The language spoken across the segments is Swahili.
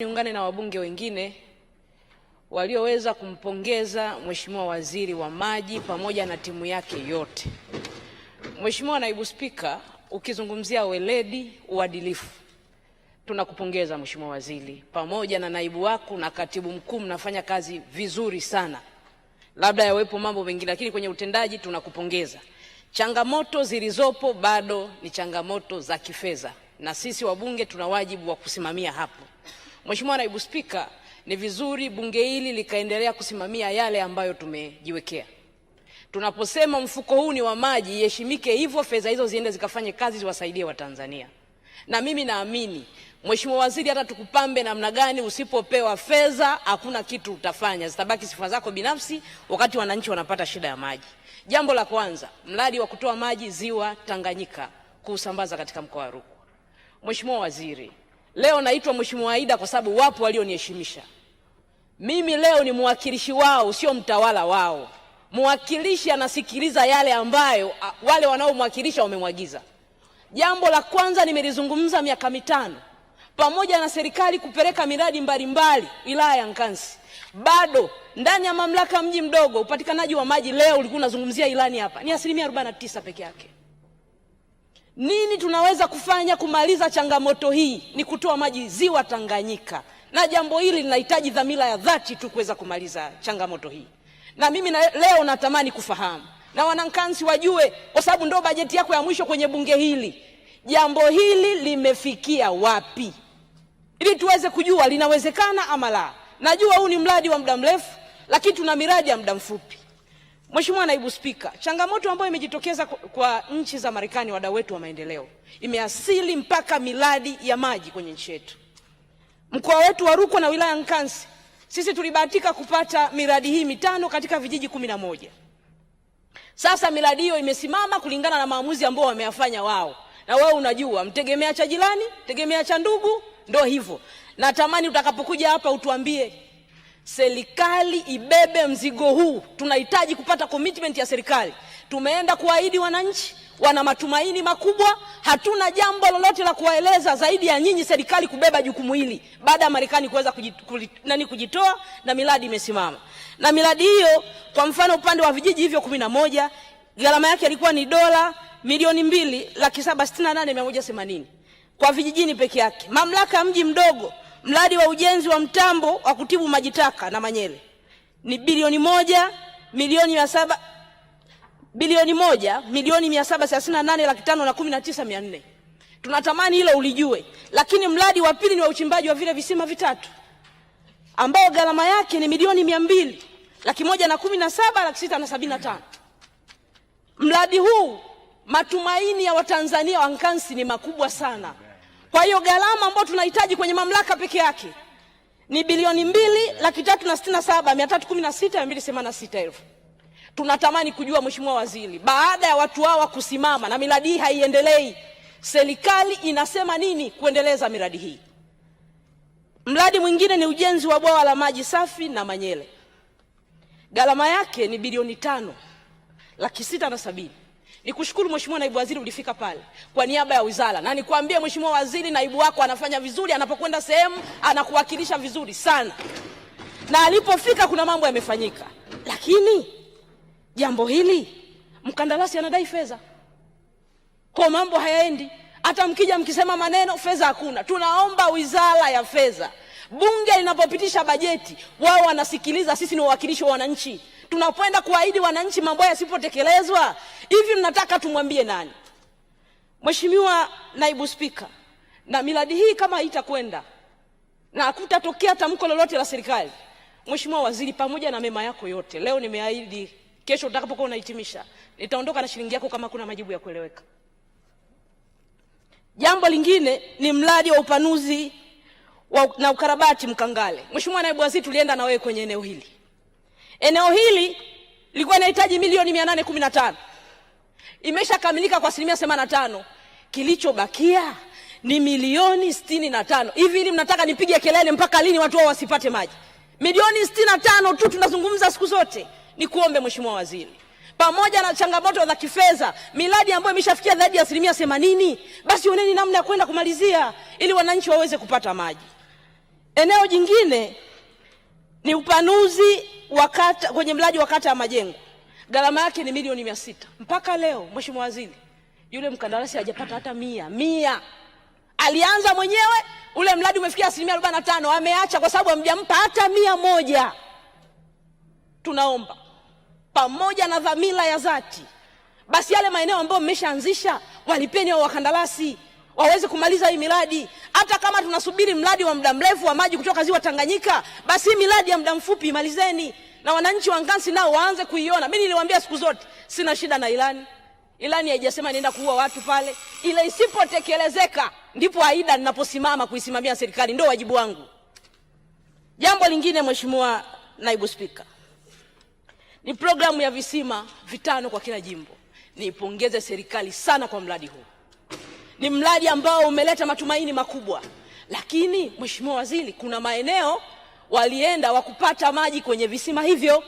Niungane na wabunge wengine walioweza kumpongeza Mheshimiwa Waziri wa Maji pamoja na timu yake yote. Mheshimiwa Naibu Spika, ukizungumzia weledi, uadilifu, tunakupongeza Mheshimiwa Waziri pamoja na naibu wako na katibu mkuu, mnafanya kazi vizuri sana. Labda yawepo mambo mengine, lakini kwenye utendaji tunakupongeza. Changamoto zilizopo bado ni changamoto za kifedha, na sisi wabunge tuna wajibu wa kusimamia hapo. Mheshimiwa Naibu Spika, ni vizuri bunge hili likaendelea kusimamia yale ambayo tumejiwekea. Tunaposema mfuko huu ni wa maji, iheshimike hivyo, fedha hizo ziende zikafanye kazi, ziwasaidie Watanzania. Na mimi naamini Mheshimiwa Waziri, hata tukupambe namna gani, usipopewa fedha hakuna kitu utafanya, zitabaki sifa zako binafsi, wakati wananchi wanapata shida ya maji. Jambo la kwanza, mradi wa kutoa maji ziwa Tanganyika kuusambaza katika mkoa wa Rukwa. Mheshimiwa Waziri, Leo naitwa mheshimiwa Aida kwa sababu wapo walioniheshimisha mimi. Leo ni mwakilishi wao, sio mtawala wao. Mwakilishi anasikiliza yale ambayo wale wanaomwakilisha wamemwagiza. Jambo la kwanza nimelizungumza miaka mitano, pamoja na serikali kupeleka miradi mbalimbali wilaya ya Nkasi, bado ndani ya mamlaka mji mdogo upatikanaji wa maji leo ulikuwa unazungumzia ilani hapa ni asilimia 49 peke yake. Nini tunaweza kufanya kumaliza changamoto hii? Ni kutoa maji ziwa Tanganyika, na jambo hili linahitaji dhamira ya dhati tu kuweza kumaliza changamoto hii. Na mimi na, leo natamani kufahamu na wanankansi wajue, kwa sababu ndo bajeti yako ya mwisho kwenye bunge hili, jambo hili limefikia wapi, ili tuweze kujua linawezekana ama la. Najua huu ni mradi wa muda mrefu, lakini tuna miradi ya muda mfupi. Mheshimiwa Naibu Spika, changamoto ambayo imejitokeza kwa, nchi za Marekani, wadau wetu wa maendeleo, imeasili mpaka miradi ya maji kwenye nchi yetu. Mkoa wetu wa Rukwa na wilaya Nkansi, sisi tulibahatika kupata miradi hii mitano katika vijiji kumi na moja. Sasa miradi hiyo imesimama kulingana na maamuzi ambao wameyafanya wao, na wewe unajua, mtegemea cha jirani, tegemea cha ndugu, ndio hivyo. Natamani utakapokuja hapa utuambie serikali ibebe mzigo huu. Tunahitaji kupata commitment ya serikali. Tumeenda kuahidi wananchi, wana matumaini makubwa. Hatuna jambo lolote la kuwaeleza zaidi ya nyinyi serikali kubeba jukumu hili, baada ya Marekani kuweza nani kujitoa na miradi imesimama. Na miradi hiyo, kwa mfano, upande wa vijiji hivyo kumi na moja gharama yake ilikuwa ni dola milioni mbili laki saba sitini na nane mia moja themanini kwa vijijini peke yake. Mamlaka ya mji mdogo Mradi wa ujenzi wa mtambo wa kutibu maji taka na manyele ni bilioni moja milioni mia saba bilioni moja milioni mia saba thelathini na nane laki tano na kumi na tisa mia nne. Tunatamani hilo ulijue. Lakini mradi wa pili ni wa uchimbaji wa vile visima vitatu ambao gharama yake ni milioni mia mbili laki moja na kumi na saba laki sita na sabini na tano. Mradi huu matumaini ya Watanzania wa Nkansi ni makubwa sana. Kwa hiyo gharama ambayo tunahitaji kwenye mamlaka peke yake ni bilioni mbili laki tatu na sitini na saba mia tatu kumi na sita mia mbili themanini na sita elfu. Tunatamani kujua Mheshimiwa Waziri, baada ya watu hawa kusimama na miradi hii haiendelei, serikali inasema nini kuendeleza miradi hii? Mradi mwingine ni ujenzi wa bwawa la maji safi na Manyele, gharama yake ni bilioni tano laki sita na sabini Nikushukuru Mheshimiwa Naibu Waziri, ulifika pale kwa niaba ya wizara, na nikwambie Mheshimiwa Waziri, naibu wako anafanya vizuri, anapokwenda sehemu anakuwakilisha vizuri sana, na alipofika kuna mambo yamefanyika, lakini jambo hili mkandarasi anadai fedha, kwa mambo hayaendi. Hata mkija mkisema maneno fedha hakuna, tunaomba wizara ya fedha, bunge linapopitisha bajeti, wao wanasikiliza. Sisi ni wawakilishi wa wananchi, tunapoenda kuahidi wananchi, mambo yasipotekelezwa Hivi mnataka tumwambie nani? Mheshimiwa Naibu Spika, na miradi hii kama itakwenda na hakutatokea tamko lolote la serikali, Mheshimiwa Waziri, pamoja na mema yako yote, leo nimeahidi, kesho utakapokuwa unahitimisha, nitaondoka na shilingi yako kama kuna majibu ya kueleweka. Jambo lingine ni mradi wa upanuzi wa, na ukarabati Mkangale. Mheshimiwa Naibu Waziri, tulienda na wewe kwenye eneo hili. Eneo hili lilikuwa linahitaji milioni mia nane kumi na tano imeshakamilika kwa asilimia themanini na tano. Kilichobakia ni milioni sitini na tano. Hivi ili mnataka nipige kelele mpaka lini watu wao wasipate maji? Milioni sitini na tano tu tunazungumza siku zote. Nikuombe Mheshimiwa Waziri, pamoja na changamoto za kifedha, miradi ambayo imeshafikia zaidi ya asilimia themanini, basi oneni namna ya kwenda kumalizia ili wananchi waweze kupata maji. Eneo jingine ni upanuzi wa kata, kwenye mradi wa kata ya Majengo gharama yake ni milioni mia sita. Mpaka leo Mheshimiwa Waziri, yule mkandarasi hajapata hata mia mia. Alianza mwenyewe ule mradi umefikia asilimia arobaini na tano, ameacha kwa sababu hamjampa hata mia moja. Tunaomba pamoja na dhamira ya dhati, basi yale maeneo ambayo mmeshaanzisha walipeni wa wakandarasi waweze kumaliza hii miradi. Hata kama tunasubiri mradi wa muda mrefu wa maji kutoka ziwa Tanganyika, basi miradi ya muda mfupi imalizeni na wananchi wa Nkasi nao waanze kuiona. Mimi niliwaambia siku zote sina shida na ilani, ilani haijasema nienda kuua watu pale, ila isipotekelezeka ndipo aida ninaposimama kuisimamia serikali, ndio wajibu wangu. Jambo lingine, Mheshimiwa Naibu Spika, ni programu ya visima vitano kwa kila jimbo. Niipongeze serikali sana kwa mradi huu, ni mradi ambao umeleta matumaini makubwa, lakini Mheshimiwa Waziri, kuna maeneo walienda wakupata maji kwenye visima hivyo,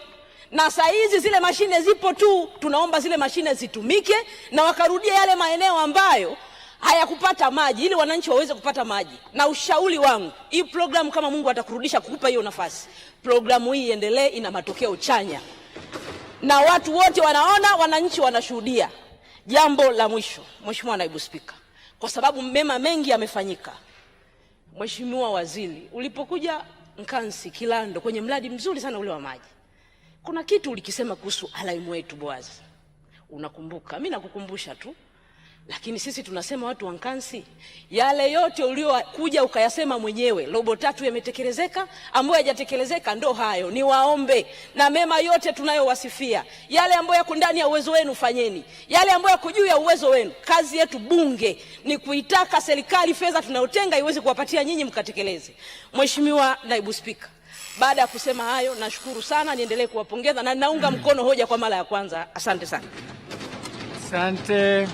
na saa hizi zile mashine zipo tu. Tunaomba zile mashine zitumike na wakarudia yale maeneo ambayo hayakupata maji ili wananchi waweze kupata maji. Na ushauri wangu, hii programu kama Mungu atakurudisha kukupa hiyo nafasi, programu hii iendelee, ina matokeo chanya na watu wote wanaona, wananchi wanashuhudia. Jambo la mwisho, Mheshimiwa Naibu Spika, kwa sababu mema mengi yamefanyika. Mheshimiwa Waziri, ulipokuja Nkansi Kilando kwenye mradi mzuri sana ule wa maji. Kuna kitu ulikisema kuhusu alaimu wetu boazi unakumbuka? mi nakukumbusha tu. Lakini sisi tunasema watu wa Nkansi, yale yote uliokuja ukayasema mwenyewe, robo tatu yametekelezeka, ambayo hayajatekelezeka ndo hayo. Ni waombe na mema yote tunayowasifia, yale ambayo yako ndani ya uwezo wenu fanyeni, yale ambayo yako juu ya uwezo wenu. Kazi yetu Bunge ni kuitaka serikali fedha tunayotenga iweze kuwapatia nyinyi mkatekeleze. Mheshimiwa Naibu Spika, baada ya kusema hayo, nashukuru sana, niendelee kuwapongeza na ninaunga mkono hoja kwa mara ya kwanza. Asante sana, asante.